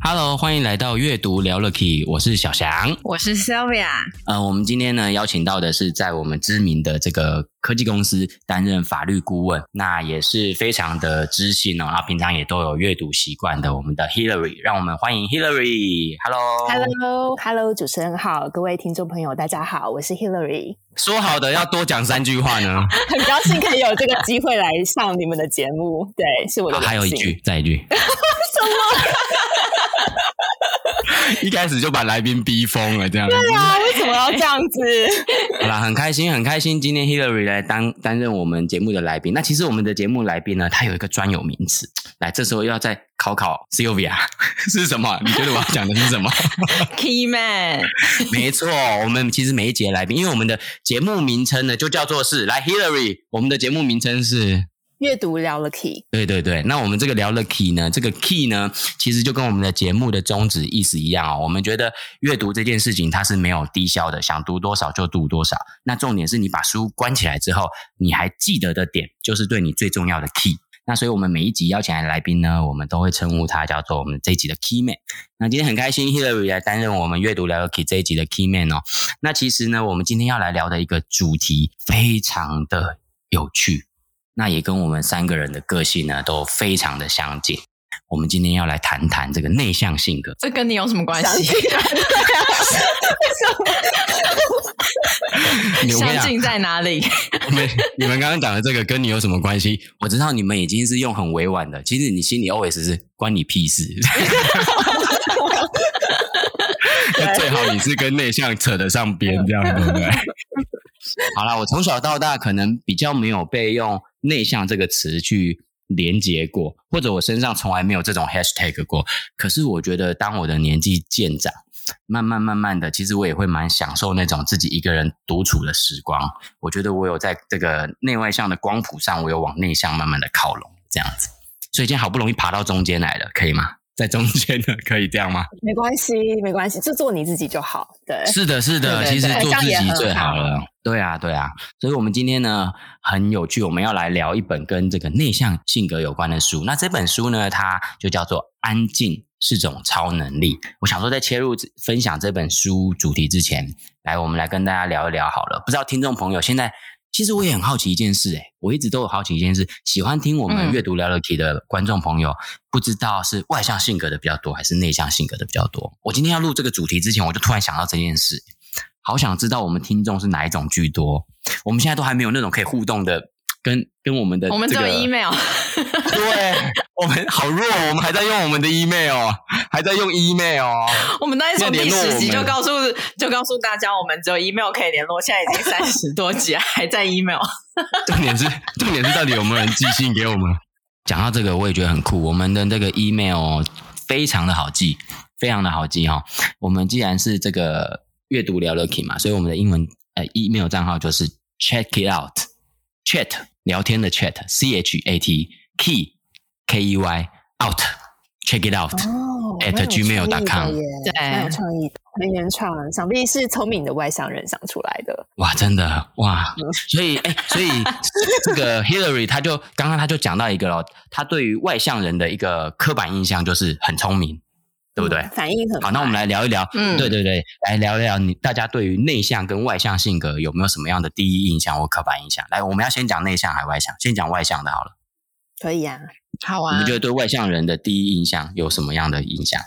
Hello，歡迎來到閱讀聊樂 KEY，我是小翔，我是 Sylvia。呃，我們今天呢邀請到的是在我們知名的這個科技公司擔任法律顧問，那也是非常的知性哦，然、啊、平常也都有閱讀習慣的我們的 Hilary。讓我們歡迎 Hilary。Hello，Hello，Hello，hello, hello, 主持人好，各位聽眾朋友大家好，我是 Hilary。說好的要多講三句話呢？ 很高興可以有這個機會來上你們的節目， 對，是我的。還有一句，再一句。 什麼？ 一開始就把來賓逼瘋了，這樣子。對啊，為什麼要這樣子？ 好啦，很開心，很開心，今天 Hilary 來當擔任我們節目的來賓。那其實我們的節目來賓呢，它有一個專有名詞。來，這時候要再考考 Sylvia 是什麼？你覺得我要講的是什麼？Keyman。 Key man 沒錯，我們其實每一集的來賓，因為我們的節目名稱呢，就叫做是來 Hilary。Hilary，我們的節目名稱是？閱讀聊樂 key，對對對，那我們這個聊樂 key 呢，這個 key 呢，其實就跟我們的節目的宗旨意思一樣哦。我們覺得閱讀這件事情它是沒有低效的，想讀多少就讀多少。那重點是你把書關起來之後，你還記得的點就是對你最重要的 key。那所以我們每一集邀請來的來賓呢，我們都會稱呼他叫做我們這一集的 key man。那今天很開心，Hillary 來擔任我們閱讀聊樂 key 這一集的 key man 哦。那其實呢，我們今天要來聊的一個主題非常的有趣。那也跟我們三個人的個性呢都非常的相近。我們今天要來談談這個內向性格，這跟你有什麼關係？相近在哪裡？ 你們剛剛講的這個跟你有什麼關係？我知道你們已經是用很委婉的，其實你心裡 OS 是關你屁事。最好你是跟內向扯得上邊，這樣對不對？ 好啦，我從小到大可能比較沒有被用。內向這個詞去連接過，或者我身上從來沒有這種 hashtag 過。可是我覺得，當我的年紀漸長，慢慢慢慢的，其實我也會蠻享受那種自己一個人獨處的時光。我覺得我有在這個內外向的光譜上，我有往內向慢慢的靠攏，這樣子。所以今天好不容易爬到中間來了，可以嗎？在中間的可以這樣嗎？沒關係，沒關係，就做你自己就好。對，是的，是的，是的，其實做自己最好了。對啊，對啊。所以，我們今天呢很有趣，我們要來聊一本跟這個內向性格有關的書。那這本書呢，它就叫做《安靜是種超能力》。我想說，在切入分享這本書主題之前，來，我們來跟大家聊一聊好了。不知道聽眾朋友現在。其實我也很好奇一件事，欸，我一直都有好奇一件事，喜歡聽我們閱讀聊樂 KEY 的觀眾朋友，嗯，不知道是外向性格的比較多還是內嚮性格的比較多。我今天要錄這個主題之前，我就突然想到這件事，好想知道我們聽眾是哪一種居多。我們現在都還沒有那種可以互動的。跟跟我們的、這個，我們只有 email？對， 我們好弱，我們還在用我們的 email，還在用 email。 我們當時從第十集就告訴 就告訴大家，我們只有 email 可以聯絡，現在已經三十多集，還在 email。重 點是重點是到底有沒有人寄信給我們？講到這個，我也覺得很酷。我們的那個 email 非常的好記，非常的好記哈、哦。我們既然是這個閱讀聊聊 u 嘛，所以我們的英文呃 email 賬號就是 check it out。Chat 聊天的 Chat，C H A T，Key K E Y，Out，Check it out、oh, at Gmail.com。對，很有創意的，很原創的，想必是聰明的外向人想出來的。哇，真的哇。嗯。所以，誒，所以 這個 Hilary 他就剛剛他就講到一個咯，他對於外向人的一個刻板印象就是很聰明。對不對？嗯、反應很快。好，那我們來聊一聊，嗯、對對對，來聊一聊你大家對於內向跟外向性格有沒有什麼樣的第一印象或刻板印象？來，我們要先講內向，還是外向？先講外向的好了。可以啊，好啊。你們覺得對外向人的第一印象有什麼樣的印象？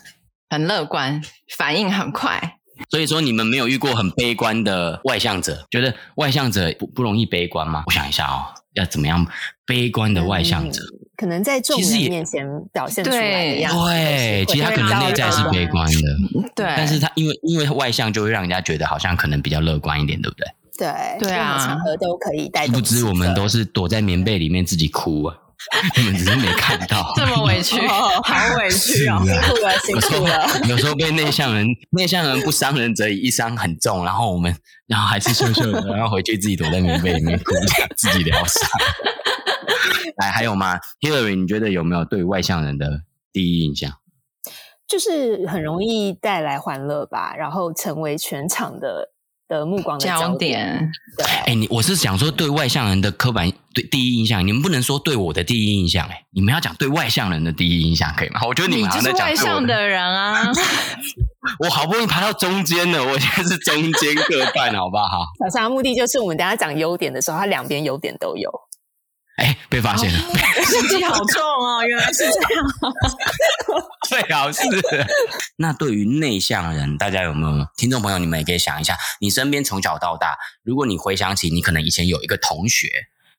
很樂觀，反應很快。所以說你們沒有遇過很悲觀的外向者，覺得外向者不不容易悲觀嗎？我想一下哦，要怎麼樣悲觀的外向者？嗯嗯、可能在眾人也面前表現出來的樣子。對，會會其實他可能內在是悲觀的，嗯、對。但是他因為因為外向，就會讓人家覺得好像可能比較樂觀一點，對不對？對對啊，任何場合都可以帶。不知我們都是躲在棉被裡面自己哭，啊。你們只是沒看到，這麼委屈，好委屈啊！辛苦了、啊，辛苦了。有時候被內向人，內 向人不傷人則已，一傷很重。然後我們，然後還是笑笑，然後回去自己躲在棉被裡面哭， 自己療傷。 來，還有嗎？Hillary，你覺得有沒有對外向人的第一印象？就是很容易帶來歡樂吧，然後成為全場的。的目光的焦點，焦點對，哎、欸，你我是想說對外向人的刻板對第一印象，你們不能說對我的第一印象，欸，哎，你們要講對外向人的第一印象，可以嗎？我覺得你們就的。在講外向的人啊， 我好不容易爬到中間了，我現在是中間各半， 好不好？小的目的就是我們等下講優點的時候，他兩邊優點都有。哎，被發現了！心好 機好重哦，原來是這樣。最 好是。 那對於內向人，大家有沒有？聽眾朋友，你們也可以想一下，你身邊從小到大，如果你回想起你可能以前有一個同學，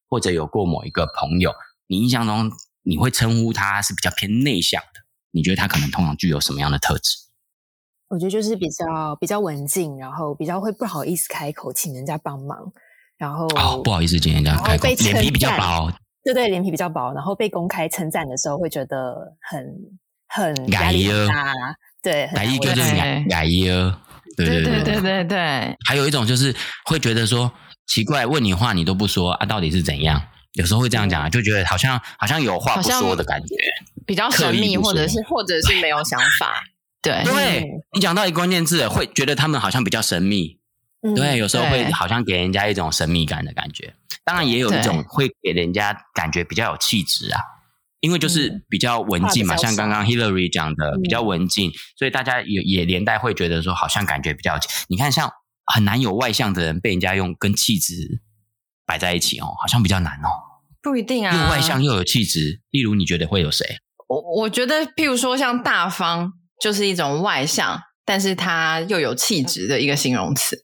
或者有過某一個朋友，你印象中你會稱呼他是比較偏內向的，你覺得他可能通常具有什麼樣的特質？我覺得就是比較比較文靜，然後比較會不好意思開口，請人家幫忙。然後，不好意思，今天這樣開口，臉皮比較薄。對對，臉皮比較薄，然後被公開稱讚的時候，會覺得很很壓抑啊。對，壓抑就是壓壓抑啊。對對對對對，還有一種就是會覺得說奇怪，問你話你都不說啊，到底是怎樣？有時候會這樣講，就覺得好像好像有話不說的感覺，比較神秘，或者是或者是沒有想法。對，因為你講到一個關鍵字，會覺得他們好像比較神秘。對，有時候會好像給人家一種神秘感的感覺，嗯、當然也有一種會給人家感覺比較有氣質啊，嗯、因為就是比較文靜嘛。像，像剛剛 Hillary 講的，比較文靜，嗯、所以大家也也連帶會覺得說，好像感覺比較……你看，像很難有外向的人被人家用跟氣質擺在一起哦，好像比較難哦。不一定啊，又外向又有氣質，例如你覺得會有誰？我我覺得，譬如說像大方，就是一種外向，但是他又有氣質的一個形容詞。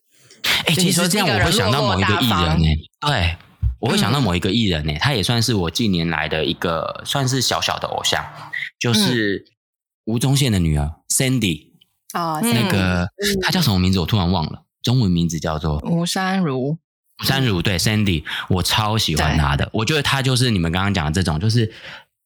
欸、其實這樣我會想到某一個藝人哎、欸，對我會想到某一個藝人哎、欸，她、嗯、也算是我近年來的一個算是小小的偶像，就是吳、嗯、宗憲的女兒 Sandy 哦，Sandy, 啊、那個是她叫什麼名字我突然忘了，中文名字叫做吳珊如，吳珊如對 Sandy，我超喜歡她的，對我覺得她就是你們剛剛講的這種就是。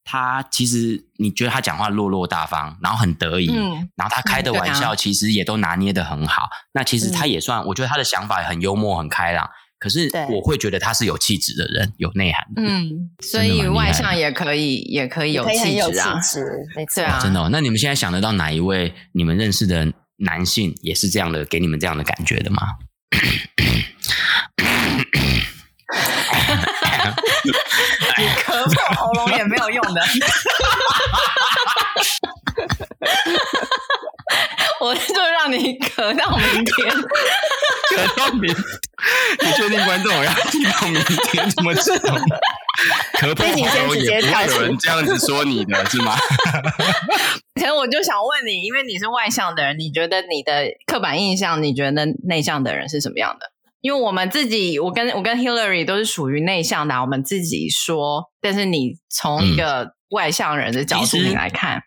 他其實，你覺得他講話落落大方，然後很得意，嗯、然後他開的玩笑其實也都拿捏得很好。嗯、那其實他也算，嗯、我覺得他的想法也很幽默，很開朗。嗯、可是我會覺得他是有氣質的人，有內涵。嗯，的的所以外向也可以，也可以有氣質啊，是這樣。真的，哦，那你們現在想得到哪一位你們認識的男性也是這樣的，給你們這樣的感覺的嗎？ 你咳破喉嚨也沒有用的。 我就讓你咳到明天，咳到明。 你確定觀眾，我要聽到明天？怎麼知道？咳破喉嚨也沒有人這樣子說你的是嗎？可能我就想問你，因為你是外向的人，你覺得你的刻板印象，你覺得內向的人是什麼樣的？因為我們自己，我跟我跟 Hillary 都是屬於內向的、啊。我們自己說，但是你從一個外向人的角度、嗯、你來看，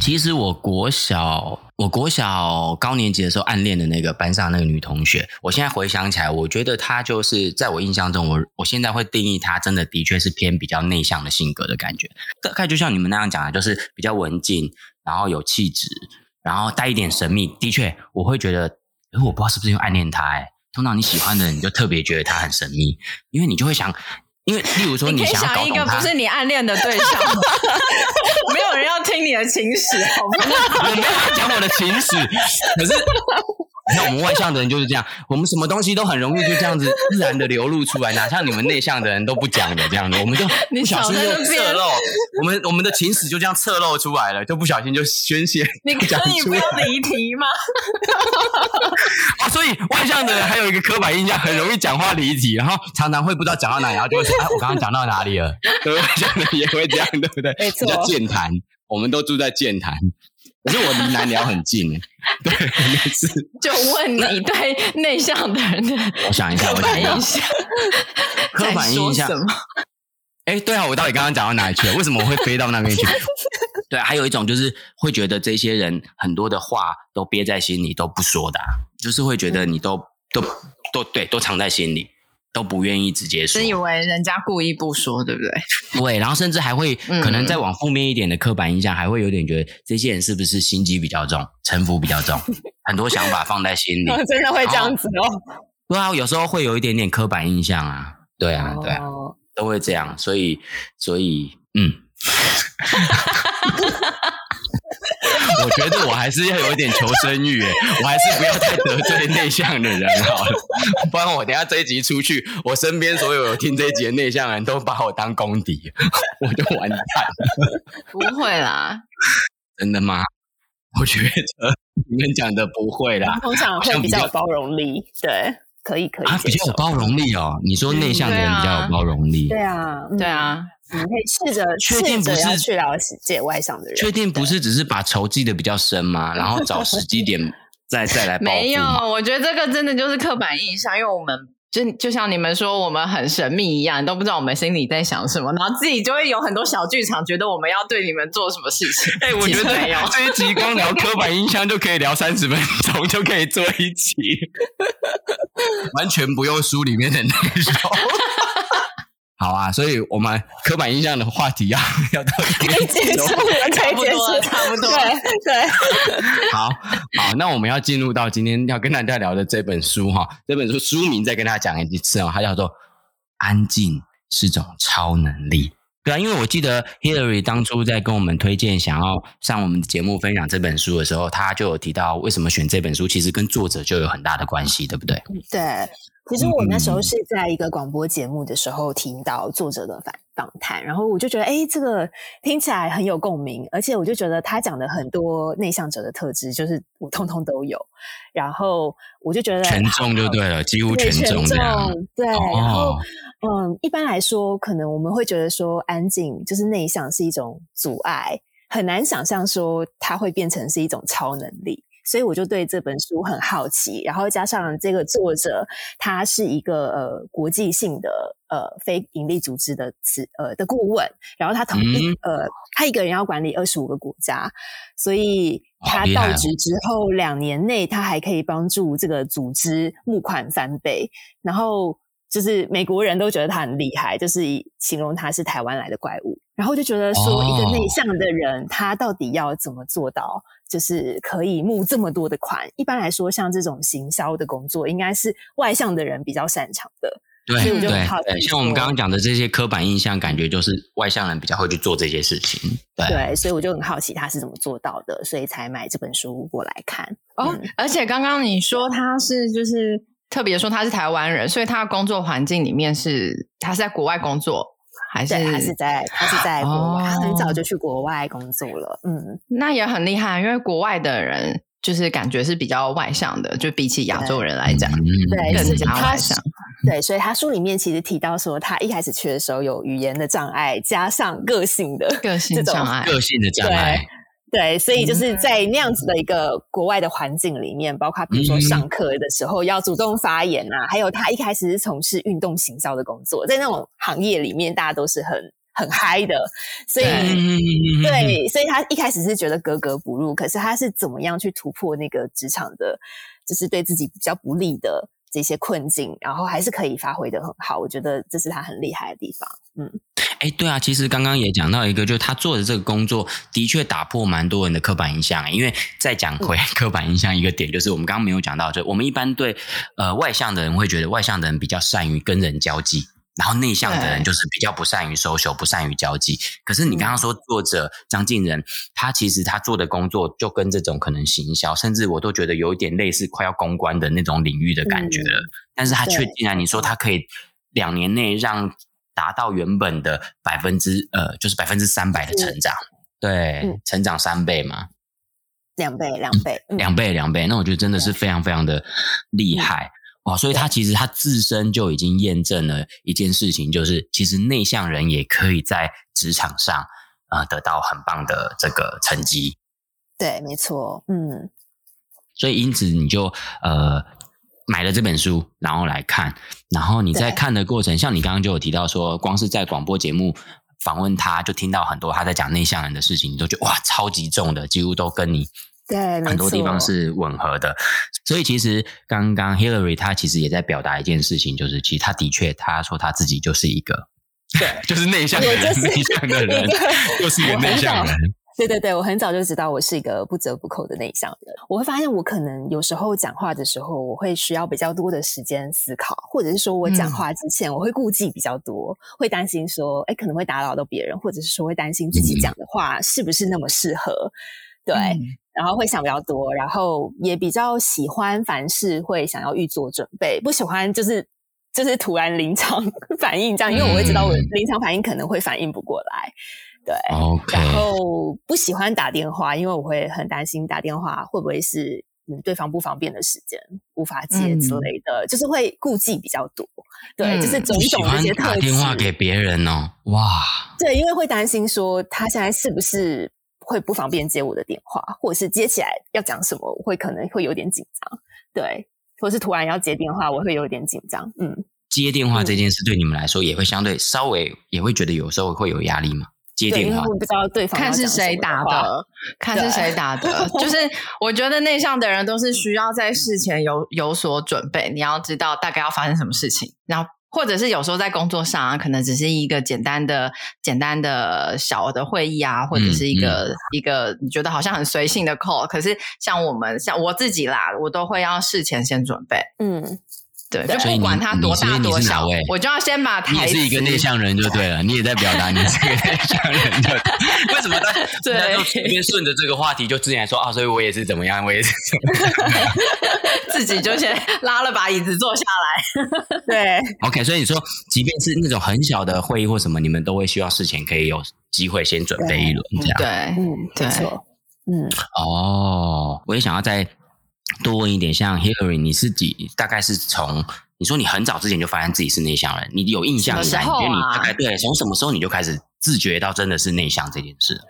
其實我國小我國小高年級的時候暗戀的那個班上那個女同學，我現在回想起來，我覺得她就是在我印象中我，我我現在會定義她真的的確是偏比較內向的性格的感覺。大概就像你們那樣講的，就是比較文靜，然後有氣質，然後帶一點神秘。的確，我會覺得，誒、呃、我不知道是不是又暗戀她哎、欸。碰到你喜歡的人，你就特別覺得他很神秘，因為你就會想，因為例如說，你想要搞懂他，想一個不是你暗戀的對象， 沒有人要聽你的情史，好嗎？我沒有要講我的情史， 可是。 像我們外向的人就是這樣，我們什麼東西都很容易就這樣子自然的流露出來。啊，哪像你們內向的人都不講的這樣的，我們就不小心就側漏，我們我們的情史就這樣側漏出來了，就不小心就宣泄。你可以不要離題嗎？啊， 所以外向的人還有一個刻板印象，很容易講話離題，然後常常會不知道講到哪裡，然後就說哎、啊，我剛剛講到哪裡了？對， 外向的人也會這樣，對不對？欸、叫健談，我們都住在健談。可是我離難聊很近，對，那次就問你對內向的人，的。我想一下，我想一下，刻板印象。哎，對啊，我到底剛剛講到哪去了？ 為什麼我會飛到那邊去？ 對、啊，還有一種就是會覺得這些人很多的話都憋在心裡都不說的、啊，就是會覺得你都、嗯、都都對，都藏在心裡。都不願意直接說，真以為人家故意不說，對不對？對，然後甚至還會可能再往負面一點的刻板印象，嗯、還會有點覺得這些人是不是心機比較重、城府比較重， 很多想法放在心裡，真的會這樣子哦。然後對啊，有時候會有一點點刻板印象啊，對啊，對啊，哦、都會這樣，所以，所以，嗯。 我覺得我還是要有點求生欲哎，我還是不要太得罪內向的人好了，不然我等下這一集出去，我身邊所有，有聽這一集的內向人都把我當公敵，我就完蛋了。不會啦，真的嗎？我覺得你們講的不會啦，通常會比較有包容力，對，可以可以，啊，啊，比較有包容力哦。你說內向的人比較有包容力， 嗯、對啊，對啊。啊你可以試着確定不是去了解外向的人，確定不是只是把仇記得比較深嘛，對 然後找時機點再來 再來沒有，我覺得這個真的就是刻板印象，因為我們就就像你們說我們很神秘一樣，都不知道我們心裡在想什麼，然後自己就會有很多小劇場，覺得我們要對你們做什麼事情。哎、欸，沒有我覺得這一 集光聊刻板印象就可以聊三十分鐘， 就可以做一集，完全不用書裡面的內容。 好啊，所以我們刻板印象的話題要要到結束，差不多差不多，對對。 好，好，那我們要進入到今天要跟大家聊的這本書哈，這本書書名再跟大家講一次啊，它叫做《安靜是種超能力》。對啊，因為我記得 Hilary 當初在跟我們推薦想要上我們節目分享這本書的時候，他就有提到為什麼選這本書，其實跟作者就有很大的關係，對不對？對。其實我那時候是在一個廣播節目的時候聽到作者的訪訪談，嗯、然後我就覺得，哎，這個聽起來很有共鳴，而且我就覺得他講的很多內向者的特質，就是我通通都有。然後我就覺得全中就對了，好幾乎全中這樣。對，全中這樣然後、oh. 嗯，一般來說，可能我們會覺得說安靜就是內向是一種阻礙，很難想象說它會變成是一種超能力。所以我就對這本書很好奇，然後加上這個作者他，是一個呃國際性的呃非營利組織的呃的顧問，然後他同一、嗯、呃他一個人要管理二十五個國家，所以他到職之後兩年內他還可以幫助這個組織募款翻倍，然後。就是美國人都覺得他很厲害，就是形容他是台灣來的怪物，然後就覺得說一個內向的人，他到底要怎麼做到，就是可以募這麼多的款？一般來說，像這種行銷的工作，應該是外向的人比較擅長的，對，所以我就很好奇，像我們剛剛講的這些刻板印象，感覺就是外向人比較會去做這些事情。對，對，所以我就很好奇他是怎麼做到的，所以才買這本書過來看。嗯，哦，而且剛剛你說他是就是。特別說他是台灣人，所以他的工作環境裡面是，他是在國外工作，還是，對，他是在，他是在國外，哦，他很早就去國外工作了。嗯，那也很厲害，因為國外的人就是感覺是比較外向的，就比起亞洲人來講，對，更加外向。對，所以他書裡面其實提到說，他一開始去的時候有語言的障礙，加上個性的個性障礙，這種，個性的障礙。對，所以就是在那樣子的一個國外的環境裡面，包括比如說上課的時候要主動發言啊，還有他一開始是從事運動行銷的工作，在那種行業裡面，大家都是很很嗨的，所以對，所以他一開始是覺得格格不入，可是他是怎麼樣去突破那個職場的，就是對自己比較不利的。這些困境，然後還是可以發揮得很好，我覺得這是他很厲害的地方。嗯，哎、欸，對啊，其實剛剛也講到一個，就他做的這個工作的確打破蠻多人的刻板印象。因為再講回刻板印象一個點，嗯、就是我們剛剛沒有講到，就我們一般對呃外向的人會覺得外向的人比較善於跟人交際。然後內向的人就是比較不善於 social< 對>，不善於交際。可是你剛剛說作者，嗯、張瀞仁，他其實他做的工作就跟這種可能行銷，甚至我都覺得有一點類似快要公關的那種領域的感覺了。嗯、但是他卻竟然你說他可以兩年內讓達到原本的百分之、嗯、呃，就是百分之三百的成長，是對，嗯、成長三倍嘛，兩倍兩倍，嗯嗯、兩倍兩倍，那我覺得真的是非常非常的厲害。對嗯哇，所以他其實他自身就已經驗證了一件事情，就是其實內向人也可以在職場上啊、呃、得到很棒的這個成績。對，沒錯，嗯。所以因此，你就呃買了這本書，然後來看，然後你在看的過程，對像你剛剛就有提到說，光是在廣播節目訪問他就聽到很多他在講內向人的事情，你都覺得哇，超級重的，幾乎都跟你。對，很多地方是吻合的，所以其實剛剛 Hilary 她其實也在表達一件事情，就是其實她的確她說她自己就是一個對， 就是內向的人，就內向的人，就個是一個內向人。對對對，我很早就知道我是一個不折不扣的內向人。我會發現我可能有時候講話的時候，我會需要比較多的時間思考，或者是說我講話之前我會顧忌比較多，嗯、會擔心說，哎，可能會打擾到別人，或者是說會擔心自己講的話是不是那麼適合，嗯、對。嗯然後會想比較多，然後也比較喜歡凡事會想要預做準備，不喜歡就是就是突然臨場反應這樣，嗯、因為我會知道我臨場反應可能會反應不過來，對。Okay. 然後不喜歡打電話，因為我會很擔心打電話會不會是對方不方便的時間無法接之類的，嗯、就是會顧忌比較多，對，嗯、就是種種一些特質。打電話給別人哦，哇，對，因為會擔心說他現在是不是。會不方便接我的電話，或者是接起來要講什麼，我會可能會有點緊張，對，或是突然要接電話，我會有點緊張。嗯，接電話這件事對你們來說也會相對稍微也會覺得有時候會有壓力嗎？接電話，我不知道對方看是誰打的，看是誰打的，對就是我覺得內向的人都是需要在事前有有所準備，你要知道大概要發生什麼事情，然後。或者是有時候在工作上啊，可能只是一個簡單的、簡單的小的會議啊，或者是一個、嗯嗯、一個你覺得好像很隨性的 call，可是像我們像我自己啦，我都會要事前先準備。嗯。對，就不管他多大多小，所以你是哪位？我就要先把他。你也是一個內向人就對了，你也在表達你是個內向人，為什麼呢？對，就順着這個話題，就自然說啊，所以我也是怎麼樣，我也是怎麼樣，自己就先拉了把椅子坐下來。對，OK。所以你說，即便是那種很小的會議或什麼，你們都會需要事前可以有機會先準備一輪，這樣對，嗯，對，嗯，哦，我也想要在。多問一點，像 Hilary 你自己大概是從你說你很早之前就發現自己是內向人，你有印象感、啊、覺你大概對，從什麼時候你就開始自覺到真的是內向這件事？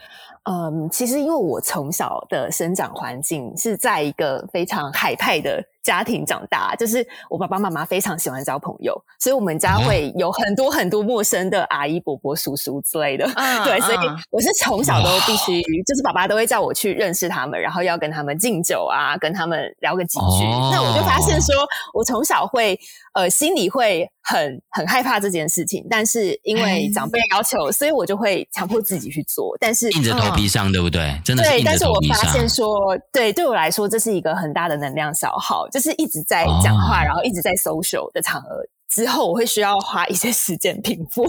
嗯，其實因為我從小的生長環境是在一個非常海派的家庭長大，就是我爸爸媽媽非常喜歡交朋友，所以我們家會有很多很多陌生的阿姨伯伯叔叔之類的，嗯、對，嗯、所以我是從小都必須，哇就是爸爸都會叫我去認識他們，然後要跟他們敬酒啊，跟他們聊個幾句。哦、那我就發現說，我從小會呃心裡會很很害怕這件事情，但是因為長輩要求，哎、所以我就會強迫自己去做，但是硬着頭皮上，嗯、對不對？真的硬著頭皮上。對，但是我發現說，對對我來說，這是一個很大的能量消耗。就是一直在講話，Oh. 然後一直在 social 的場合，之後我會需要花一些時間平復，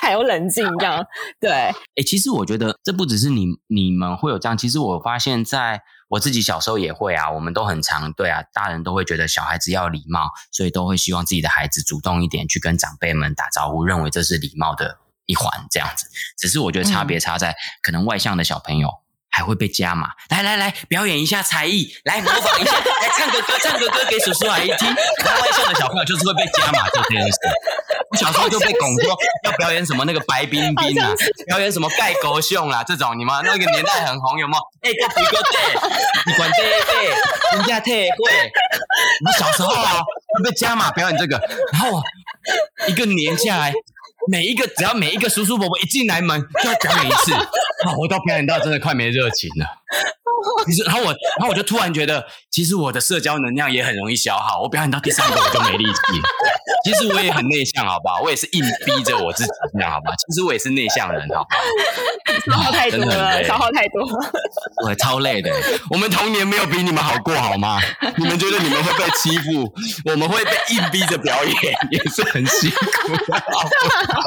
還有冷靜這樣。對，哎、欸，其實我覺得這不只是你你們會有這樣，其實我發現在我自己小時候也會啊，我們都很常，對啊，大人都會覺得小孩子要禮貌，所以都會希望自己的孩子主動一點去跟長輩們打招呼，認為這是禮貌的一環這樣子。只是我覺得差別差在可能外向的小朋友。嗯還會被加碼！來來來，表演一下才藝，來模仿一下，來唱個歌， 唱個歌給叔叔阿姨聽。開玩笑的小朋友就是會被加碼這件事。我小時候就被拱過，要表演什麼那個白冰冰啊，表演什麼蓋國秀啦這種，你們那個年代很紅有沒有，有嗎？哎，哥比哥對，你管對不對？人家特會。我小時候啊，被加碼表演這個，然後一個年下來、欸。 每一個，只要每一個叔叔伯伯一進來門就要表演一次，啊，我都表演到真的快沒熱情了。其實，然後我，然後我就突然覺得，其實我的社交能量也很容易消耗。我表演到第三個，我就沒力氣。其實我也很內向，好不好？我也是硬逼着我自己，你知道嗎？其實我也是內向人，好不好？消耗太多了，消耗太多，對，超累的。我們童年沒有比你們好過，好嗎？你們覺得你們會被欺負， 我們會被硬逼着表演，也是很辛苦的，好不好？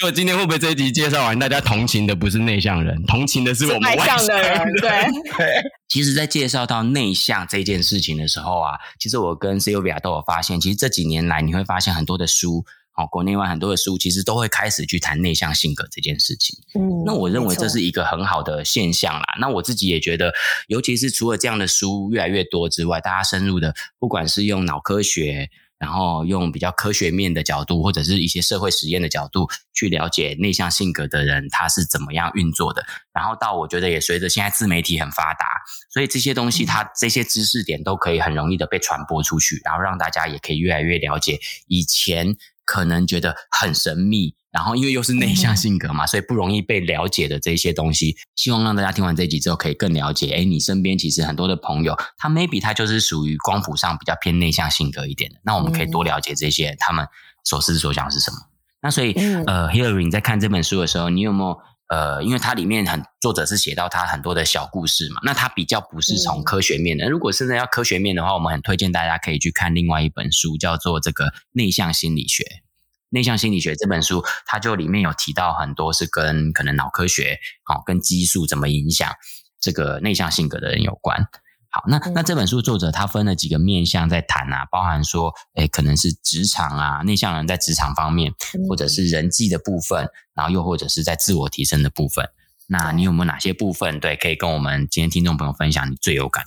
所以今天會不會這一集介紹完，大家同情的不是內向人，同情的是我們外向的人。對，對其實，在介紹到內向這件事情的時候啊，其實我跟 Celia 都有發現，其實這幾年來你會發現很多的書，好國內外很多的書，其實都會開始去談內向性格這件事情。嗯，那我認為這是一個很好的現象啦。錯那我自己也覺得，尤其是除了這樣的書越來越多之外，大家深入的，不管是用腦科學。然後用比較科學面的角度，或者是一些社會實驗的角度，去了解內向性格的人，他是怎麼樣運作的。然後到我覺得也隨着現在自媒體很發達，所以這些東西它這些知識點都可以很容易的被傳播出去，然後讓大家也可以越來越了解以前可能覺得很神秘。然後，因為又是內向性格嘛，嗯、所以不容易被了解的這些東西，希望讓大家聽完這集之後可以更了解。誒你身邊其實很多的朋友，他 maybe 他就是屬於光譜上比較偏內向性格一點的。那我們可以多了解這些、嗯、他們所思所想是什麼。那所以，嗯、呃 Hilary 在看這本書的時候，你有沒有呃，因為它裡面很作者是寫到他很多的小故事嘛？那他比較不是從科學面的。嗯、如果是在要科學面的話，我們很推薦大家可以去看另外一本書，叫做《這個內向心理學》。內向心理學這本書，它就裡面有提到很多是跟可能腦科學，好、哦、跟激素怎麼影響這個內向性格的人有關。好，那、嗯、那這本書作者他分了幾個面向在談啊，包含說，誒、欸、可能是職場啊，內向人在職場方面，嗯、或者是人際的部分，然後又或者是在自我提升的部分。那你有沒有哪些部分對可以跟我們今天聽眾朋友分享你最有感？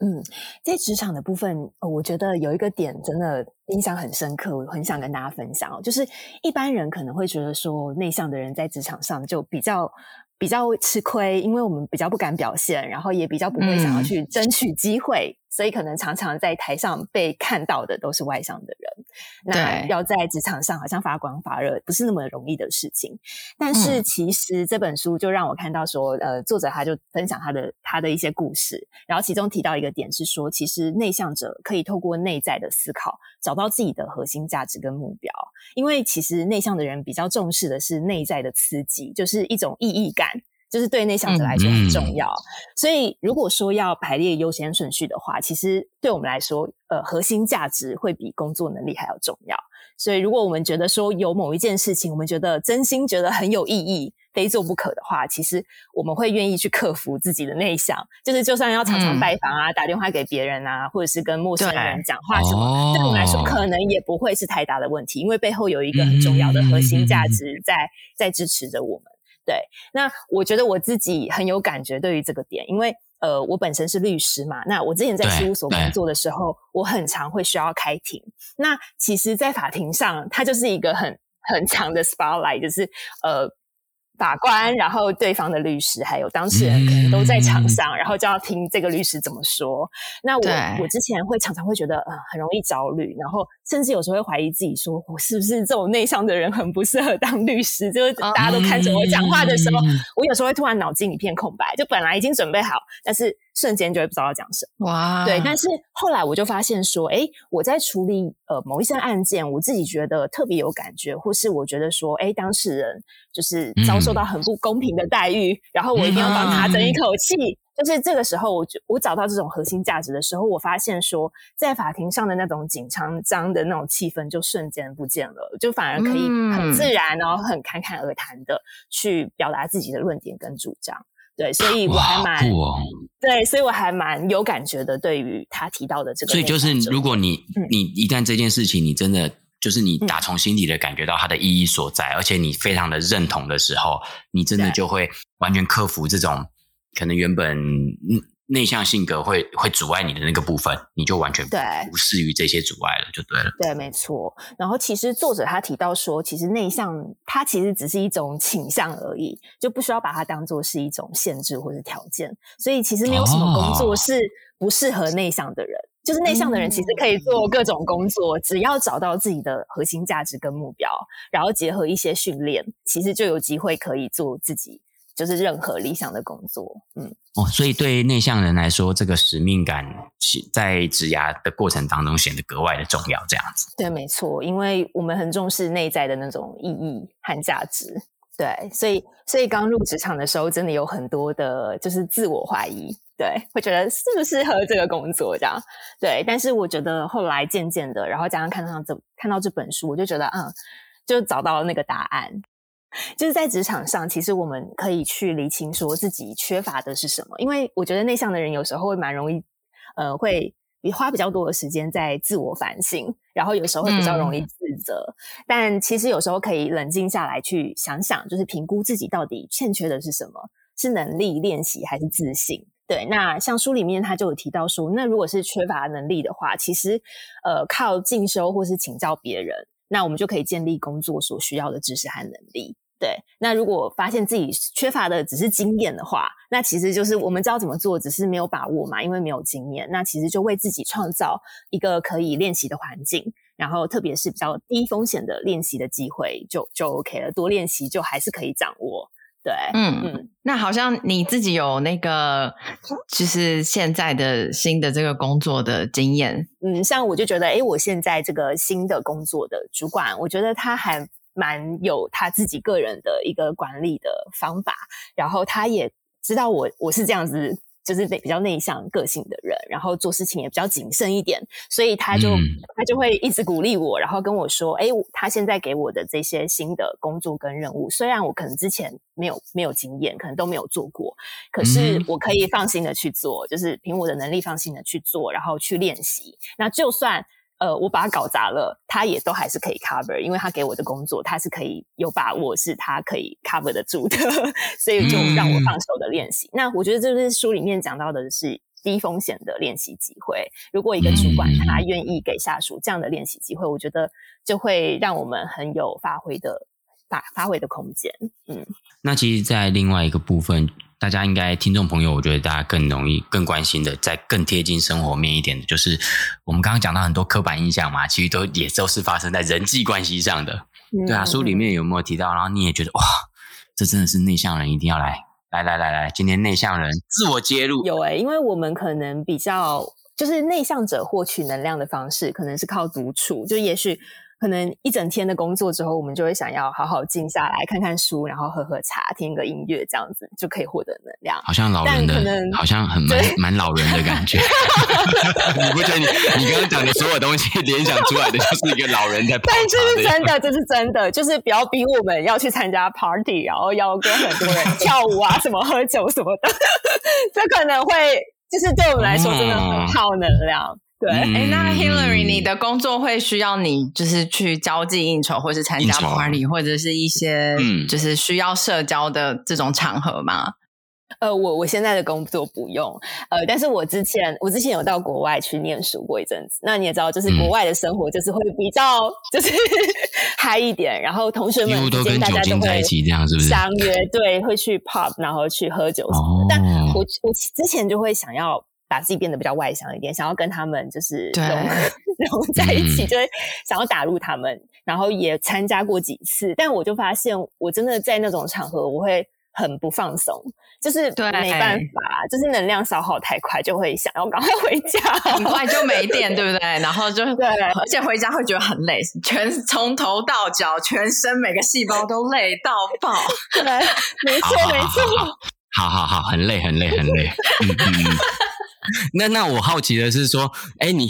嗯，在職場的部分，哦，我覺得有一個點真的印象很深刻，我很想跟大家分享哦。就是一般人可能會覺得說，內向的人在職場上就比較比較吃虧，因為我們比較不敢表現，然後也比較不會想要去爭取機會，嗯，所以可能常常在台上被看到的都是外向的人。那要在職場上好像發光發熱不是那麼容易的事情，但是其實這本書就讓我看到說，呃，作者他就分享他的他的一些故事，然後其中提到一個點是說，其實內向者可以透過內在的思考找到自己的核心價值跟目標，因為其實內向的人比較重視的是內在的刺激，就是一種意義感。就是對內向者來說很重要，嗯嗯、所以如果說要排列優先順序的話，其實對我們來說，呃，核心價值會比工作能力還要重要。所以如果我們覺得說有某一件事情，我們覺得真心覺得很有意義，非做不可的話，其實我們會願意去克服自己的內向。就是就算要常常拜訪啊，嗯、打電話給別人啊，或者是跟陌生人講話什麼，對我們來說可能也不會是太大的問題，哦、因為背後有一個很重要的核心價值在、嗯、在支持着我們。對，那我覺得我自己很有感覺對於這個點，因為呃，我本身是律師嘛，那我之前在事務所工作的時候，我很常會需要開庭。那其實，在法庭上，它就是一個很很強的 spotlight，就是呃。法官，然後對方的律師還有當事人可能都在場上，嗯、然後就要聽這個律師怎麼說。那我對我之前會常常會覺得呃、嗯，很容易焦慮，然後甚至有時候會懷疑自己說，說、哦、我是不是這種內向的人很不適合當律師？就是大家都看着我講話的時候，嗯、我有時候會突然腦筋一片空白，就本來已經準備好，但是。瞬間就會不知道講什麼，哇！對，但是後來我就發現說，哎，我在處理呃某一些案件，我自己覺得特別有感覺，或是我覺得說，哎，當事人就是遭受到很不公平的待遇，嗯、然後我一定要幫他爭一口氣。嗯、就是這個時候，我就我找到這種核心價值的時候，我發現說，在法庭上的那種緊張、張的那種氣氛就瞬間不見了，就反而可以很自然、嗯、然後很侃侃而談的去表達自己的論點跟主張。對，所以我還蠻酷，哦，對，所以我還蠻有感覺的。對於他提到的這個，所以就是，如果你你一旦這件事情，你真的，嗯、就是你打從心底的感覺到它的意義所在，嗯、而且你非常的認同的時候，你真的就會完全克服這種對可能原本。嗯內向性格會會阻礙你的那個部分，你就完全不不適於這些阻礙了，對就對了。對，沒錯。然後其實作者他提到說，其實內向它其實只是一種傾向而已，就不需要把它當做是一種限制或是條件。所以其實沒有什麼工作是不適合內向的人，哦、就是內向的人其實可以做各種工作，嗯、只要找到自己的核心價值跟目標，然後結合一些訓練，其實就有機會可以做自己就是任何理想的工作。嗯。哦，所以對內嚮人來說，這個使命感在職涯的過程當中顯得格外的重要，這樣子。對，沒錯，因為我們很重視內在的那種意義和價值。對，所以，所以剛入職場的時候，真的有很多的，就是自我懷疑，對，會覺得適不適合這個工作這樣。對，但是我覺得後來漸漸的，然後加上看到這看到這本書，我就覺得，嗯，就找到了那個答案。就是在職場上，其實我們可以去釐清說自己缺乏的是什麼。因為我覺得內向的人有時候會蠻容易，呃，會花比較多的時間在自我反省，然後有時候會比較容易自責。嗯。但其實有時候可以冷靜下來去想想，就是評估自己到底欠缺的是什麼，是能力、練習還是自信？對，那像書裡面他就有提到說，那如果是缺乏能力的話，其實呃靠進修或是請教別人。那我們就可以建立工作所需要的知識和能力。對，那如果發現自己缺乏的只是經驗的話，那其實就是我們知道怎麼做，只是沒有把握嘛，因為沒有經驗。那其實就為自己創造一個可以練習的環境，然後特別是比較低風險的練習的機會就，就就 OK 了。多練習就還是可以掌握。對，嗯嗯，嗯那，好像你自己有那個，就是現在的新的這個工作的經驗，嗯，像我就覺得，哎，我現在這個新的工作的主管，我覺得他還蠻有他自己個人的一個管理的方法，然後他也知道我我是這樣子。就是比較內向個性的人，然後做事情也比較謹慎一點，所以他就、嗯、他就會一直鼓勵我，然後跟我說：“哎、欸，他現在給我的這些新的工作跟任務，雖然我可能之前沒有沒有經驗，可能都沒有做過，可是我可以放心的去做，嗯、就是憑我的能力放心的去做，然後去練習。那就算。”呃，我把它搞砸了，他也都還是可以 cover，因為他給我的工作，他是可以有把握，是他可以 cover 得住的呵呵，所以就讓我放手的練習。嗯、那我覺得這就是書裡面講到的是低風險的練習機會。如果一個主管他願意給下屬、嗯、這樣的練習機會，我覺得就會讓我們很有發揮的，發發揮的空間，嗯，那其實，在另外一個部分，大家應該聽眾朋友，我覺得大家更容易更關心的，在更貼近生活面一點的，就是我們剛剛講到很多刻板印象嘛，其實都也都是發生在人際關係上的。嗯、對啊，書裡面有沒有提到？然後你也覺得哇，這真的是內向人一定要來來來來來，今天內向人自我揭露、啊、有哎、欸，因為我們可能比較就是內向者獲取能量的方式，可能是靠獨處，就也許。可能一整天的工作之後，我們就會想要好好靜下來看看書，然後喝喝茶，聽個音樂，這樣子就可以獲得能量。好像老人的，好像很蠻蠻對 老人的感覺。 你不覺得你你剛剛講的所有東西聯想出來的就是一個老人在？但這是真的，這是真的，就是不要逼我們要去參加 party，然後要跟很多人跳舞啊，什麼 喝酒什麼的， 這可能會就是對我們來說真的很耗能量。嗯對，哎、嗯，欸，那 Hillary，你的工作會需要你就是去交際應酬，或是參加 party，酬或者是一些就是需要社交的這種場合嗎？嗯嗯、呃，我我現在的工作不用，呃，但是我之前我之前有到國外去念書過一陣子。那你也知道，就是國外的生活就是會比較就是嗨、嗯、 一點，然後同學們之間大家都會這樣，是不是？相約對，對會去 pub，然後去喝酒什麼的。哦、但我我之前就會想要。把自己變得比較外向一點，想要跟他們就是融合，融在一起，就是想要打入他們。然後也參加過幾次，但我就發現，我真的在那種場合，我會很不放鬆，就是沒辦法，就是能量消耗太快，就會想要趕快回家，很快就沒電，對不對？然後就對，而且回家會覺得很累，全從頭到腳，全身每個細胞都累到爆。對，沒錯，沒錯，好好好，很累，很累，很累。 那那我好奇的是說，哎、欸，你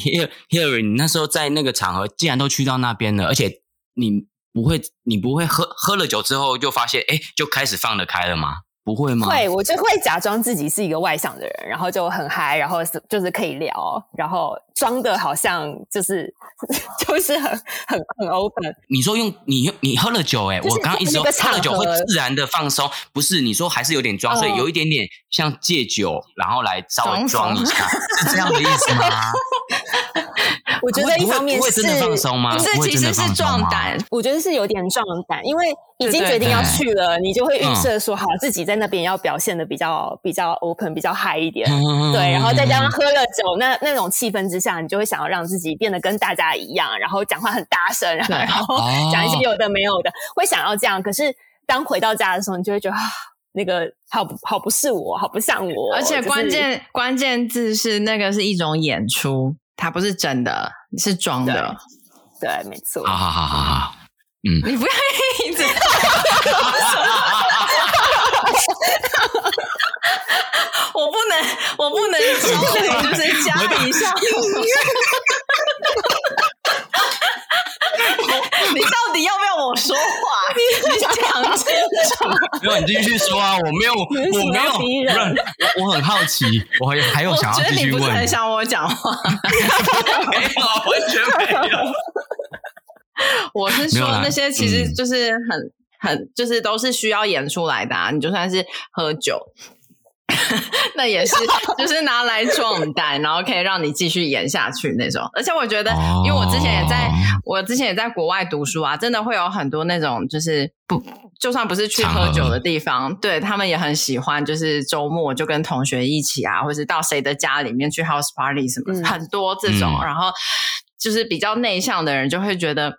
Hilary，你那時候在那個場合，既然都去到那邊了，而且你不會，你不會喝喝了酒之後就發現，哎、欸，就開始放得開了嗎？不會嗎？會，我就會假裝自己是一個外向的人，然後就很嗨，然後是就是可以聊，然後裝的好像就是就是很很很 open。你說用你你喝了酒、欸，誒、就是，我剛剛一直說喝了酒會自然的放鬆，不是？你說還是有點裝，哦、所以有一點點像借酒，然後來稍微裝一下，手是這樣的意思嗎？ 我覺得一方面是，放鬆不是其實是壯膽。我覺得是有點壯膽，因為已經決定要去了，對對對，你就會預設說，嗯、好，自己在那邊要表現的比較比較 open，比較嗨一點。嗯、對，然後再加上喝了酒，嗯、那那種氣氛之下，你就會想要讓自己變得跟大家一樣，然後講話很大聲，然後對然後講一些有的沒有的，會想要這樣。可是當回到家的時候，你就會覺得、啊、那個好好不是我，好不像我。而且關鍵、就是、關鍵字是那個是一種演出。他不是真的，你是裝的對。對，沒錯。好，哈哈哈哈嗯，你不要一直，我不能，我不能說，超快 你就是加一下。 你到底要不要我說話？ 你講些什麼？ 沒有，你繼續說啊！我沒有，我沒有，沒有，我很好奇，我還有想要繼續問。我覺得你不是很想我講話？ 沒有，完全沒有。 我是說那些，其實就是很、很、就是都是需要演出來的啊！你就算是喝酒。 那也是，就是拿來壯膽， 然後可以讓你繼續演下去那種。而且我覺得，因為我之前也在，我之前也在國外讀書啊，真的會有很多那種，就是不就算不是去喝酒的地方，對他們也很喜歡，就是周末就跟同學一起啊，或是到誰的家裡面去 house party 什麼，很多這種。然後就是比較內向的人就會覺得，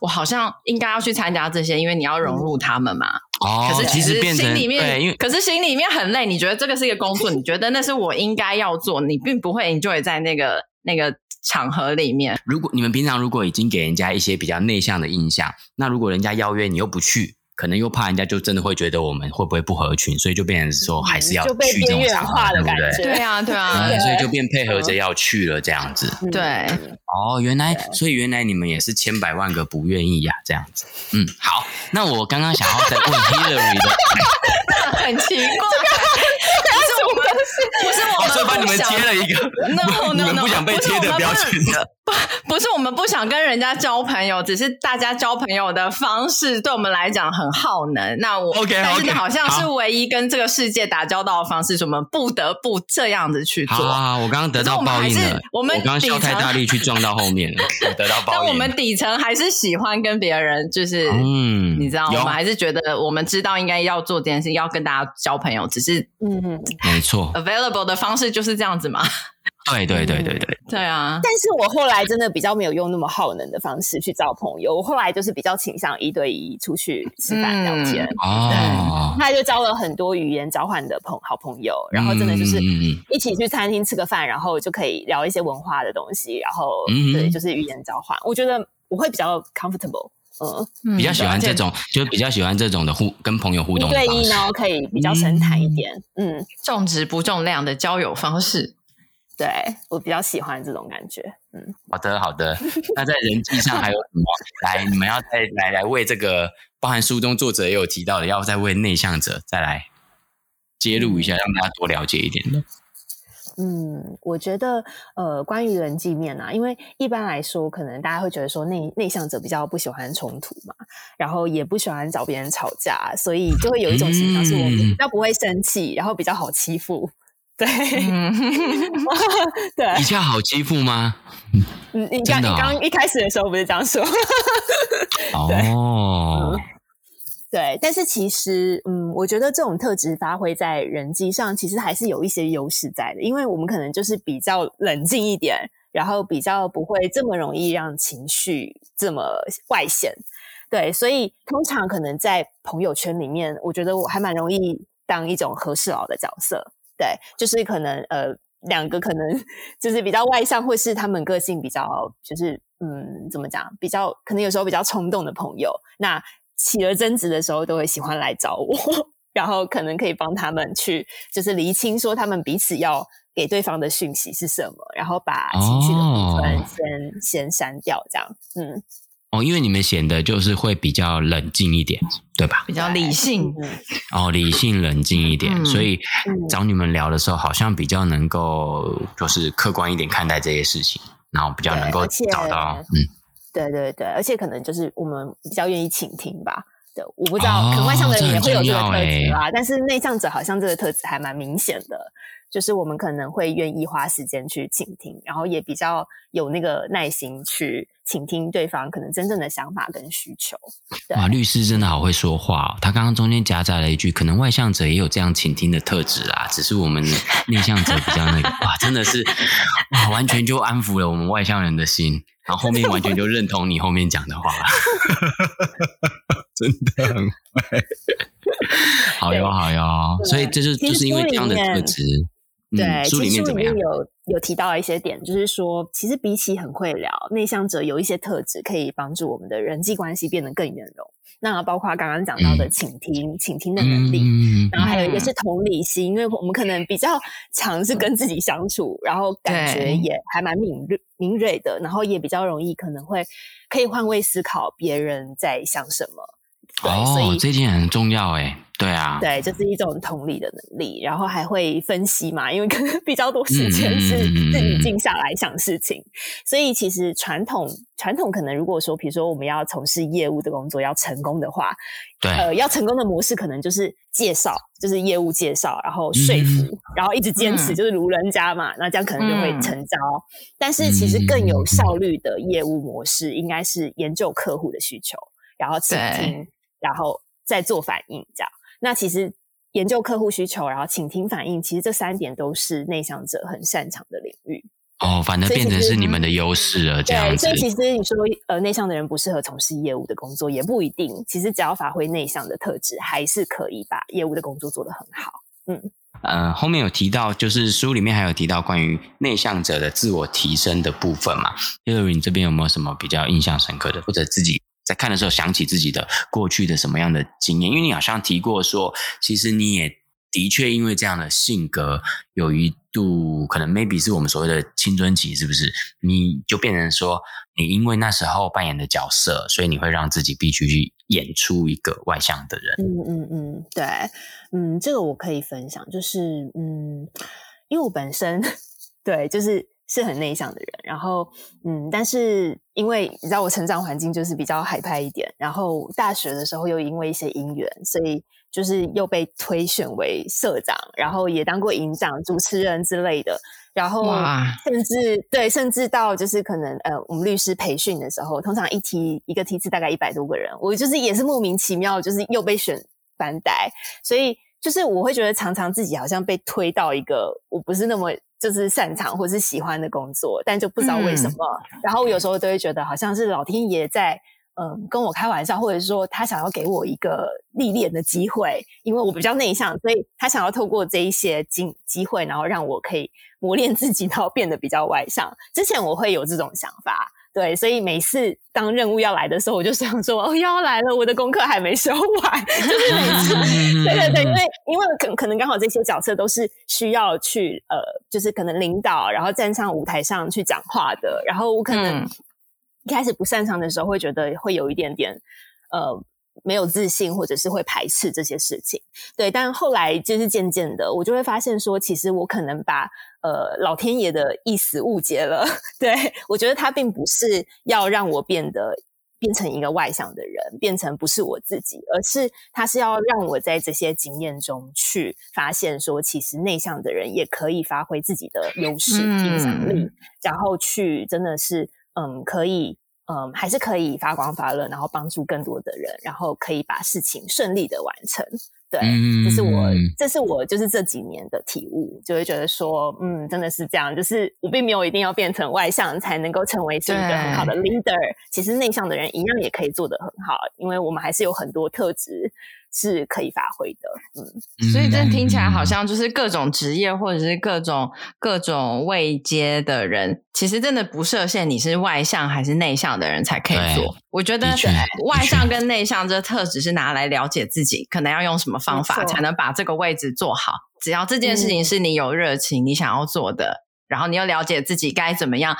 我好像應該要去參加這些，因為你要融入他們嘛。哦，可是其實變成可是心裡面，欸，因為可是心裡面很累。你覺得這個是一個工作， 你覺得那是我應該要做，你並不會 enjoy 在那個那個場合裡面。如果你們平常如果已經給人家一些比較內向的印象，那如果人家邀約你又不去。可能又怕人家就真的會覺得我們會不會不合群，所以就變成說還是要去這種場合，就被邊緣化，對不對？對啊，對啊，所以就變配合着要去了這樣子。對，哦，原來，所以原來你們也是千百萬個不願意呀，這樣子。嗯，好，那我剛剛想要再問 Hilary 的。那很奇怪，但是我們是，不是我們，我幫你們貼了一個，那你們不想被貼的標籤。不，不是我們不想跟人家交朋友，只是大家交朋友的方式對我們來講很耗能。那我，Okay, 但是你好像是唯一跟這個世界打交道的方式，好是我們不得不這樣子去做。啊，我剛剛得到報應了。是我們，還是我們我剛剛笑太大力，去撞到後面了，我得到報應了。 但我們底層還是喜歡跟別人，就是嗯，你知道，有我們還是覺得我們知道應該要做這件事，要跟大家交朋友，只是嗯，沒錯，available 的方式就是這樣子嘛。對對對對對，對啊！但是我後來真的比較沒有用那麼耗能的方式去交朋友，我後來就是比較傾向一對一出去吃飯聊天，哦，後來就交了很多語言交換的朋好朋友，然後真的就是一起去餐廳吃個飯，然後就可以聊一些文化的東西，然後對，就是語言交換，我覺得我會比較 comfortable，嗯，比較喜歡這種，就是比較喜歡這種的互跟朋友互動，一對一呢可以比較深談一點，嗯，重質不重量的交友方式。對，我比較喜歡這種感覺，嗯，好的，好的。那在人際上還有什麼？ 來，你們要再來來為這個，包含書中作者也有提到的，要再為內向者再來揭露一下，讓大家多了解一點的。嗯，我覺得，呃，關於人際面呢、啊，因為一般來說，可能大家會覺得說內內向者比較不喜歡衝突嘛，然後也不喜歡找別人吵架，所以就會有一種情況是、嗯、我們比較不會生氣，然後比較好欺負。 嗯、 對，對，比較好欺負嗎？嗯，你剛剛一開始的時候不是這樣說？ 對哦、嗯，對，但是其實，嗯，我覺得這種特質發揮在人際上，其實還是有一些優勢在的，因為我們可能就是比較冷靜一點，然後比較不會這麼容易讓情緒這麼外顯。對，所以通常可能在朋友圈裡面，我覺得我還蠻容易當一種和事佬的角色。對，就是可能呃，兩個可能就是比較外向，或是他們個性比較，就是嗯，怎麼講，比較可能有時候比較衝動的朋友，那起了爭執的時候，都會喜歡來找我，然後可能可以幫他們去，就是釐清說他們彼此要給對方的訊息是什麼，然後把情緒的部分先、oh. 先刪掉，這樣，嗯。哦，因為你們顯得就是會比較冷靜一點，對吧？比較理性。嗯、哦，理性冷靜一點，嗯、所以找你們聊的時候，好像比較能夠就是客觀一點看待這些事情，然後比較能夠找到嗯，對對對，而且可能就是我們比較願意傾聽吧。對，我不知道，哦、可能外向的人也會有這個特質啊，欸、但是內向者好像這個特質還蠻明顯的。就是我們可能會願意花時間去傾聽，然後也比較有那個耐心去傾聽對方可能真正的想法跟需求。哇，律師真的好會說話哦！他剛剛中間夾雜了一句，可能外向者也有這樣傾聽的特質啊，只是我們內向者比較那個。 哇，真的是哇，完全就安撫了我們外向人的心，然後後面完全就認同你後面講的話， 真的很， 好喲好喲！對所以這就是、就是因為這樣的特質。嗯、對，其實書裡面有有提到一些點，就是說，其實比起很會聊內向者，有一些特質可以幫助我們的人際關係變得更圓融。那包括剛剛講到的，傾聽，嗯、傾聽的能力，嗯、然後還有一個是同理心，嗯、因為我們可能比較常是跟自己相處，嗯、然後感覺也還蠻敏銳、嗯、敏銳的，然後也比較容易，可能會可以換位思考別人在想什麼。哦，以這件很重要哎、欸。對啊，對，就是一種同理的能力，然後還會分析嘛，因為可能比較多時間是自己靜下來想事情，嗯嗯、所以其實傳統傳統可能如果說，比如說我們要從事業務的工作要成功的話，對，呃，要成功的模式可能就是介紹，就是業務介紹，然後說服，嗯、然後一直堅持，嗯、就是盧人家嘛，那這樣可能就會成交。嗯、但是其實更有效率的業務模式應該是研究客戶的需求，然後傾聽，對然後再做反應，這樣。那其實研究客戶需求，然後傾聽反應，其實這三點都是內向者很擅長的領域。哦，反正變成是你們的優勢了這樣子。對，所以其實你說呃，內向的人不適合從事業務的工作，也不一定。其實只要發揮內向的特質，還是可以把業務的工作做得很好。嗯，呃，後面有提到，就是書裡面還有提到關於內向者的自我提升的部分嘛。葉樂云你這邊有沒有什麼比較印象深刻的，或者自己？在看的時候，想起自己的過去的什麼樣的經驗，因為你好像提過說，其實你也的確因為這樣的性格，有一度可能 maybe 是我們所謂的青春期，是不是？你就變成說，你因為那時候扮演的角色，所以你會讓自己必須去演出一個外向的人。嗯嗯嗯，對，嗯，這個我可以分享，就是嗯，因為我本身，對，就是。是很內向的人，然後嗯，但是因為你知道我成長環境就是比較海派一點，然後大學的時候又因為一些因緣，所以就是又被推選為社長，然後也當過營長、主持人之類的，然後甚至哇對，甚至到就是可能呃，我們律師培訓的時候，通常一梯一個梯次大概一百多個人，我就是也是莫名其妙就是又被選班代，所以。就是我會覺得常常自己好像被推到一個我不是那麼就是擅長或是喜歡的工作，但就不知道為什麼。嗯，然後有時候都會覺得好像是老天爺在嗯跟我開玩笑，或者是說他想要給我一個歷練的機會，因為我比較內向，所以他想要透過這一些機機會，然後讓我可以磨練自己，然後變得比較外向。之前我會有這種想法。對，所以每次當任務要來的時候，我就想說：“哦，要來了，我的功課還沒收完。” 就是每次，對對對，因為因為可可能剛好這些角色都是需要去呃，就是可能領導，然後站上舞台上去講話的，然後我可能一開始不擅長的時候，會覺得會有一點點呃。沒有自信，或者是會排斥這些事情，對。但後來就是漸漸的，我就會發現說，其實我可能把呃老天爺的意思誤解了。對，我覺得他並不是要讓我變得變成一個外向的人，變成不是我自己，而是他是要讓我在這些經驗中去發現說，其實內向的人也可以發揮自己的優勢、影響、嗯、力，然後去真的是嗯可以。嗯，還是可以發光發熱，然後幫助更多的人，然後可以把事情順利的完成。對，嗯、這是我，這是我，就是這幾年的體悟，就會覺得說，嗯，真的是這樣。就是我並沒有一定要變成外向才能夠成為這一個很好的 leader，對其實內向的人一樣也可以做得很好，因為我們還是有很多特質。是可以發揮的，嗯，嗯，所以這聽起來好像就是各種職業或者是各種各種位階的人，其實真的不設限，你是外向還是內向的人才可以做。對我覺得須外向跟內向這特質是拿來了解自己，須可能要用什麼方法才能把這個位置做好。錯只要這件事情是你有熱情，你想要做的，嗯、然後你要了解自己該怎麼樣，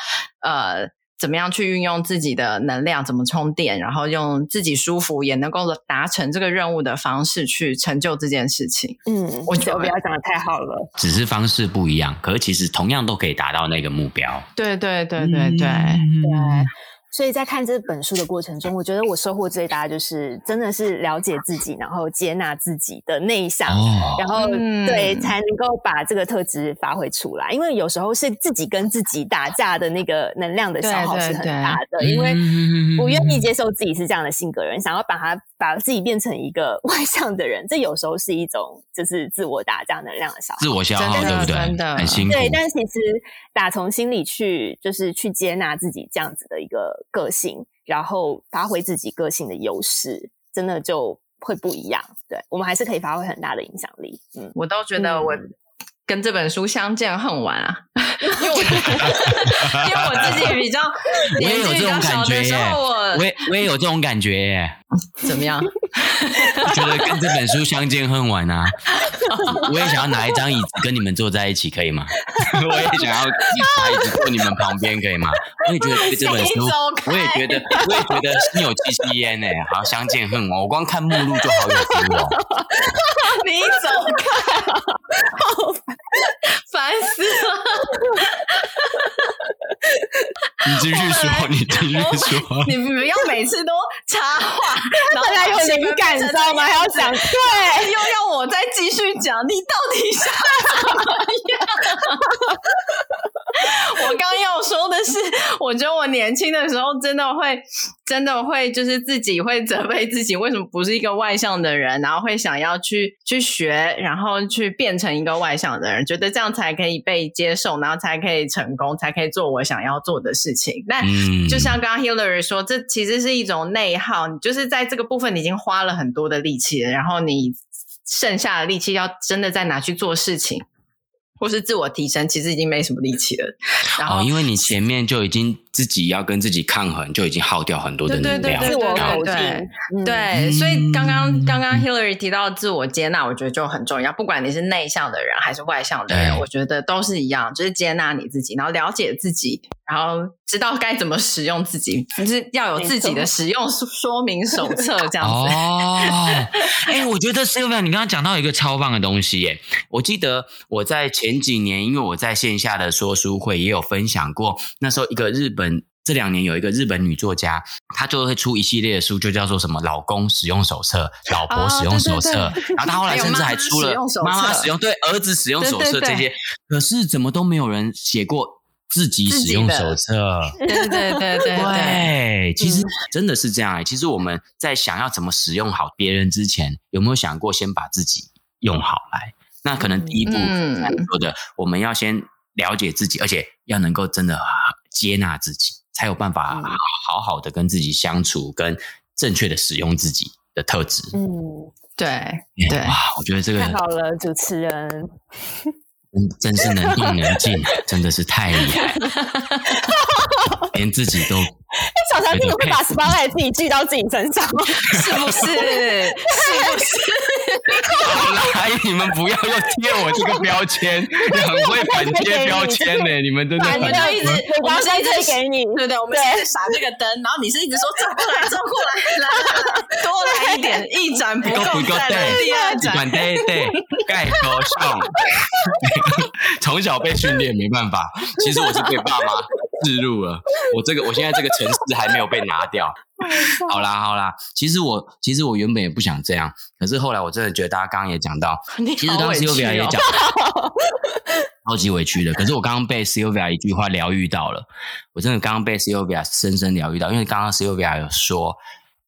呃。怎麼樣去運用自己的能量？怎麼充電？然後用自己舒服也能夠達成這個任務的方式去成就這件事情。嗯，我覺得我不要講的太好了，只是方式不一樣，可是其實同樣都可以達到那個目標。對對對對對對。嗯，對。所以在看這本書的過程中，我覺得我收穫最大就是真的是了解自己，然後接納自己的內向，哦、然後、嗯、對才能夠把這個特質發揮出來。因為有時候是自己跟自己打架的那個能量的消耗是很大的，對對對，因為不願意接受自己是這樣的性格人，嗯、想要把它把自己變成一個外向的人，這有時候是一種就是自我打架能量的消耗，自我消耗，的對不對？真的，很辛苦。對，但其實打從心裡去，就是去接納自己這樣子的一個個性，然後發揮自己個性的優勢，真的就會不一樣。對，我們還是可以發揮很大的影響力。嗯，我倒覺得我。跟這本書相見恨晚啊， 因為我自己比較，比較我我、欸我，我也有這種感覺耶、欸。我我也有這種感覺，怎麼樣？我覺得跟這本書相見恨晚啊！ 我也想要拿一張椅子跟你們坐在一起，可以嗎？ 我也想要拿椅子坐你們旁邊，可以嗎？ 我也覺得這本書，我也覺得，我也覺得心有戚戚焉。誒，好像相見恨晚、喔。我光看目錄就好有心哦、喔。 你走開、啊。好煩，煩死了！你繼續說，欸、你繼續說，你不要每次都插話。 然後本來有點感傷嗎？還要講，對，又要我再繼續講。你到底想怎麼樣？ 我剛要說的是，我覺得我年輕的時候真的會，真的會，就是自己會責備自己，為什麼不是一個外向的人，然後會想要去去學，然後去變成一個外向的人，覺得這樣才可以被接受，然後才可以成功，才可以做我想。想要做的事情，那就像剛剛 Hilary 說，嗯、這其實是一種內耗。你就是在這個部分你已經花了很多的力氣了，然後你剩下的力氣要真的再拿去做事情，或是自我提升，其實已經沒什麼力氣了。然後，哦、因為你前面就已經。自己要跟自己抗衡，就已經耗掉很多的能量了。對對對，自我否定。對，所以剛剛剛剛 Hilary 提到自我接納，我覺得就很重要。不管你是內向的人還是外向的人，我覺得都是一樣，就是接納你自己，然後了解自己，然後知道該怎麼使用自己，就是要有自己的使用說明手冊這樣子。哦，哎，我覺得 Sylvan 你剛剛講到一個超棒的東西耶！我記得我在前幾年，因為我在線下的說書會也有分享過，那時候一個日本。本，這兩年有一個日本女作家，她就會出一系列的書，就叫做什麼“老公使用手冊”、“老婆使用手冊”哦。對對對，然後她後來甚至還出了“媽媽使用對兒子使用手冊”這些。對對對，可是怎麼都沒有人寫過自己使用手冊。對對對對對，對，對。其實真的是這樣哎、欸。其實我們在想要怎麼使用好別人之前，有沒有想過先把自己用好來？那可能第一步，嗯，我，我們要先了解自己，而且要能夠真的、啊。接納自己，才有辦法好，好好的跟自己相處，跟正確的使用自己的特質。嗯，對，嗯，對，哇，我覺得這個。太好了，主持人。 真是能動能靜，真的是太厲害了！連自己都……那小強會不會把 spotlight 自己記到自己身上？是不是？是不是？好來，你們不要又貼我這個標籤，你很會反貼標籤呢。你們真的很……我們就一直，我們一直給你，對不對？我們一直閃這個燈，然後你是一直說轉過來，轉過來，然後多來一點，一盞不夠，不夠，再第二盞，對對，蓋頭上。從 小被訓練，沒辦法。其實我是被爸媽置入了。 我這個，我現在這個程式還沒有被拿掉。 好啦，好啦。其實我，其實我原本也不想這樣，可是後來我真的覺得，大家剛剛也講到，喔、其實當時 Sylvia 也講， 超級委屈的。可是我剛剛被 Sylvia 一句話療癒到了，我真的剛剛被 Sylvia 深深療癒到，因為剛剛 Sylvia 有說，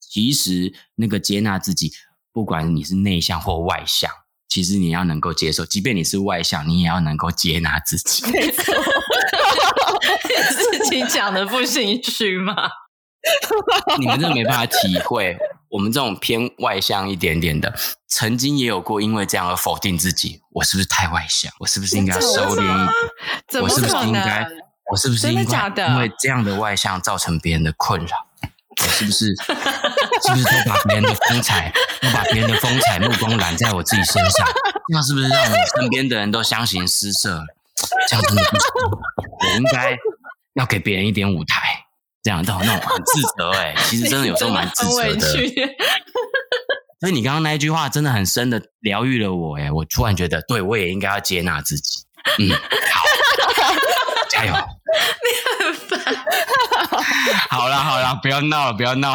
其實那個接納自己，不管你是內向或外向。其實你要能夠接受，即便你是外向，你也要能夠接納自己。你，說 你自己講的不心虛嗎？你們真的沒辦法體會我們這種偏外向一點點的，曾經也有過因為這樣而否定自己：我是不是太外向？我是不是應該要收斂一點？是我是不是應該？是我是不是應該因為這樣的外向造成別人的困擾？的的我是不是？ 是不是都把別人的風采， 都把別人的風采目光攬在我自己身上？那 是不是讓我身邊的人都相形失色？ 這樣子， 我應該要給別人一點舞台，這樣我，那我、欸，很自責哎。其實真的有時候蠻自責的。 所以你剛剛那一句話真的很深的療癒了我哎、欸，我突然覺得對我也應該要接納自己。嗯，好， 加油。你很煩。 好了好 了，不要鬧了，不要鬧。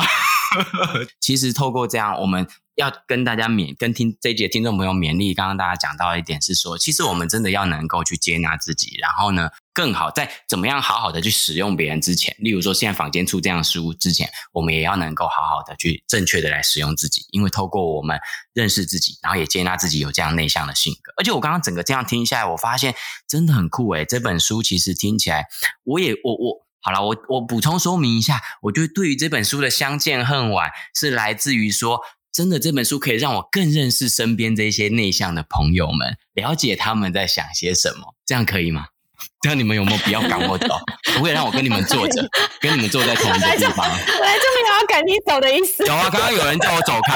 其實透過這樣，我們要跟大家勉跟聽這一集聽眾朋友勉勵。剛剛大家講到一點是說，其實我們真的要能夠去接納自己，然後呢，更好在怎麼樣好好的去使用別人之前，例如說現在坊間出這樣的書之前，我們也要能夠好好的去正確的來使用自己。因為透過我們認識自己，然後也接納自己有這樣內向的性格。而且我剛剛整個這樣聽下來，我發現真的很酷誒、欸。這本書其實聽起來我，我也我我。好了，我我補充說明一下，我就對於這本書的相見恨晚是來自於說，真的這本書可以讓我更認識身邊這些內向的朋友們，了解他們在想些什麼，這樣可以嗎？這樣你們有沒有必要趕我走？ 不會讓我跟你們坐着， 跟你們坐在同一個地方。我來就沒有我要趕你走的意思。 有啊，剛剛有人叫我走開，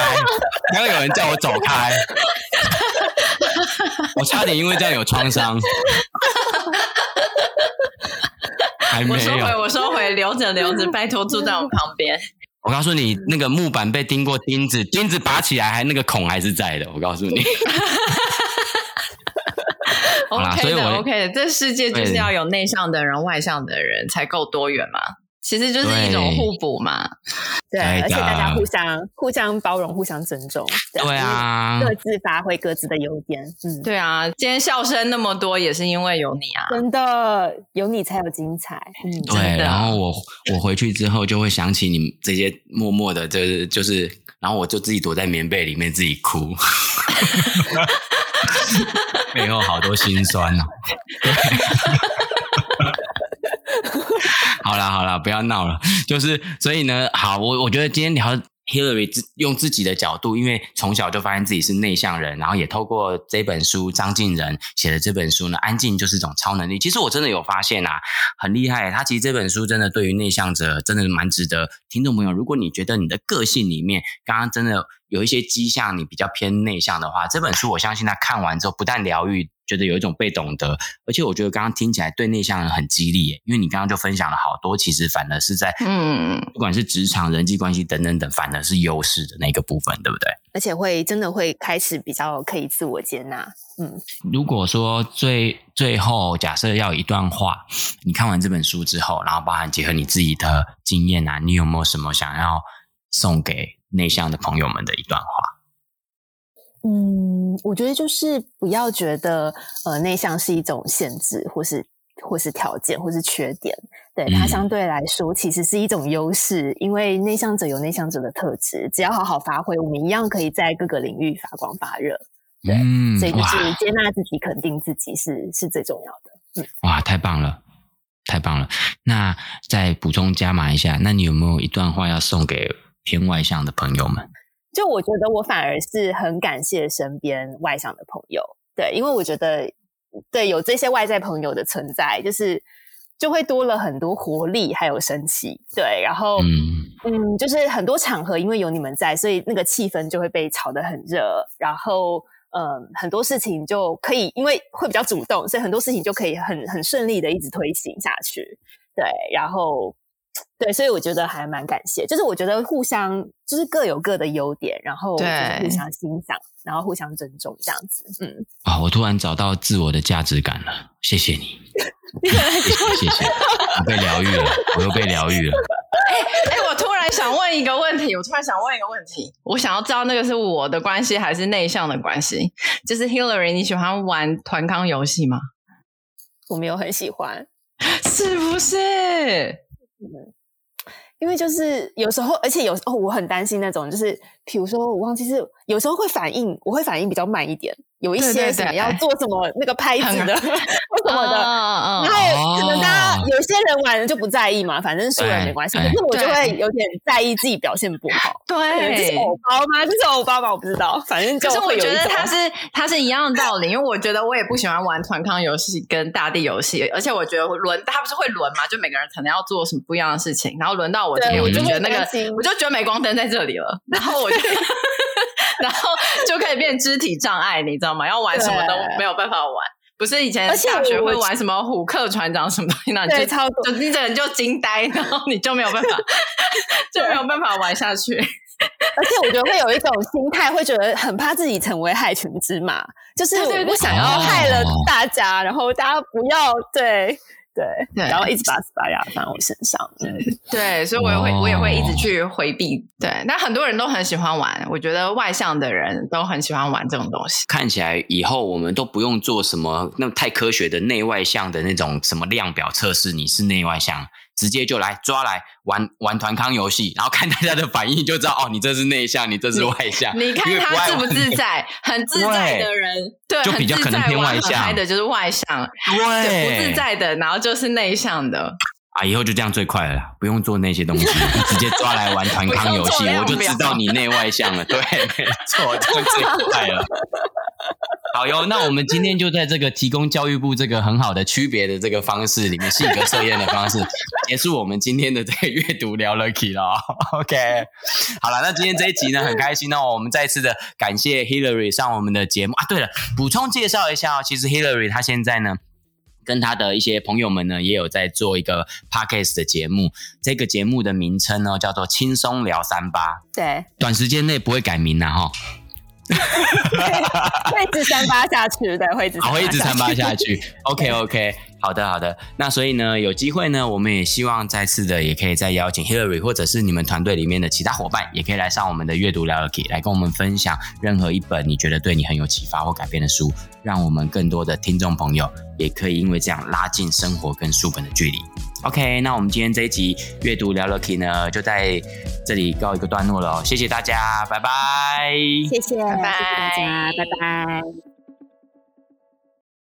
剛剛有人叫我走開， 我差點因為這樣有創傷。 我收回，我收回，留着留着，拜託住在我旁邊。我告訴你，那個木板被釘過釘子，釘子拔起來還，還那個孔還是在的。我告訴你 啦，OK 的，OK 的。這世界就是要有內向的人、外向的人才夠多元嘛。其實就是一種互補嘛，對，對而且大家互相互相包容，互相尊重，對，對啊，各自發揮各自的優點，嗯，對啊，今天笑聲那麼多，也是因為有你啊，真的，有你才有精彩，嗯，對。啊、然後我我回去之後就會想起你們這些默默的，就是就是，然後我就自己躲在棉被裡面自己哭，背後 好多心酸吶、啊。 對好啦好啦，不要鬧了。就是所以呢，好，我我覺得今天聊 Hillary 自用自己的角度，因為從小就發現自己是內向人，然後也透過這本書張瀞仁寫的這本書呢，安靜就是一種超能力。其實我真的有發現啊，很厲害。他其實這本書真的對於內向者真的蠻值得。聽眾朋友，如果你覺得你的個性裡面剛剛真的。有一些跡象，你比較偏內向的話，這本書我相信他看完之後，不但療癒，覺得有一種被懂得，而且我覺得剛剛聽起來對內向人很激勵耶，因為你剛剛就分享了好多，其實反而是在嗯，不管是職場、人際關係等等等，反而是優勢的那個部分，對不對？而且會真的會開始比較可以自我接納。嗯，如果說最最後假設要有一段話，你看完這本書之後，然後包含結合你自己的經驗啊，你有沒有什麼想要送給？內向的朋友們的一段話。嗯，我覺得就是不要覺得呃內向是一種限制，或是或是條件，或是缺點。對、嗯、它相對來說，其實是一種優勢，因為內向者有內向者的特質，只要好好發揮，我們一樣可以在各個領域發光發熱。對，嗯、所以就是接納自己，肯定自己是哇是最重要的。嗯、哇，太棒了，太棒了。那再補充加碼一下，那你有沒有一段話要送給？偏外向的朋友們，就我覺得我反而是很感謝身邊外向的朋友，對，因為我覺得對有這些外在朋友的存在，就是就會多了很多活力還有生氣，對，然後嗯，嗯，就是很多場合因為有你們在，所以那個氣氛就會被炒得很熱，然後嗯，很多事情就可以因為會比較主動，所以很多事情就可以很很順利的一直推行下去，對，然後。對，所以我覺得還蠻感謝，就是我覺得互相就是各有各的優點，然後互相欣賞，對然後互相尊重這樣子，嗯。啊、哦，我突然找到自我的價值感了，謝謝你，謝謝謝謝，我被療癒了， 我又被療癒了。哎哎、欸欸，我突然想問一個問題，我突然想問一個問題， 我想要知道那個是我的關係還是內向的關係？就是 Hilary，你喜歡玩團康遊戲嗎？我沒有很喜歡，是不是？嗯因為就是有時候，而且有時候，哦，我很擔心那種，就是比如說我忘記是有時候會反應，我會反應比較慢一點。有一些想要做什麼那個拍子的，什麼的，然後可能大家有些人玩就不在意嘛，反正輸了沒關係。可是我就會有點在意自己表現不好。對，這是歐巴嗎？這是歐巴嗎？我不知道。反正就是我覺得他是他是一樣的道理，因為我覺得我也不喜歡玩團康遊戲跟大地遊戲，而且我覺得輪他不是會輪嘛，就每個人可能要做什麼不一樣的事情，然後輪到我，對，我就覺得那個我就覺得鎂光燈在這裡了，然後我覺得。 然後就可以變肢體障礙，你知道嗎？要玩什麼都沒有辦法玩。對不是以前大學會玩什麼虎克船長什麼東西，啊，那你對就超，你整個人就驚呆，然後你就沒有辦法，對 就沒有辦法玩下去。對 而且我覺得會有一種心態，會覺得很怕自己成為害群之馬，就是我不想要害了大家，然後大家不要對。對，對，然後一直把西班牙放我身上，對， 對，所以我也會、哦、我也會一直去迴避。對，那很多人都很喜歡玩，我覺得外向的人都很喜歡玩這種東西。看起來以後我們都不用做什麼那麼太科學的內外向的那種什麼量表測試，你是內外向。直接就來抓來玩玩團康遊戲，然後看大家的反應就知道哦，你這是內向，你這是外向。你看他自不自在，很自在的人，對，就比較可能偏外向的，就是外向，對，不自在的，然後就是內向的。啊，以後就這樣最快了，不用做那些東西，你直接抓來玩團康遊戲，我就知道你內外向了。對，沒錯，就最快了。好喲，那我們今天就在這個提供教育部這個很好的區別的這個方式裡面，性格測驗的方式 結束我們今天的這個閱讀聊樂 KEY 了咯。OK，好了，那今天這一集呢，很開心哦。我們再次的感謝 Hillary 上我們的節目啊。對了，補充介紹一下、哦，其實 Hillary 她現在呢，跟她的一些朋友們呢，也有在做一個 Podcast 的節目。這個節目的名稱呢、哦，叫做《輕鬆聊三八》，對，短時間內不會改名了哈、哦。會一直三八下去對，會一直會三八下去。OK OK，好的好的。那所以呢，有機會呢，我們也希望再次的，也可以再邀請 Hilary 或者是你們團隊裡面的其他夥伴，也可以來上我們的閱讀聊樂 KEY 來跟我們分享任何一本你覺得對你很有啟發或改變的書，讓我們更多的聽眾朋友也可以因為這樣拉近生活跟書本的距離。OK，那我們今天這一集閱讀聊樂 KEY 呢，就在這裡告一個段落了哦。謝謝大家，拜拜。謝謝，拜拜，謝謝大家，拜拜。拜拜。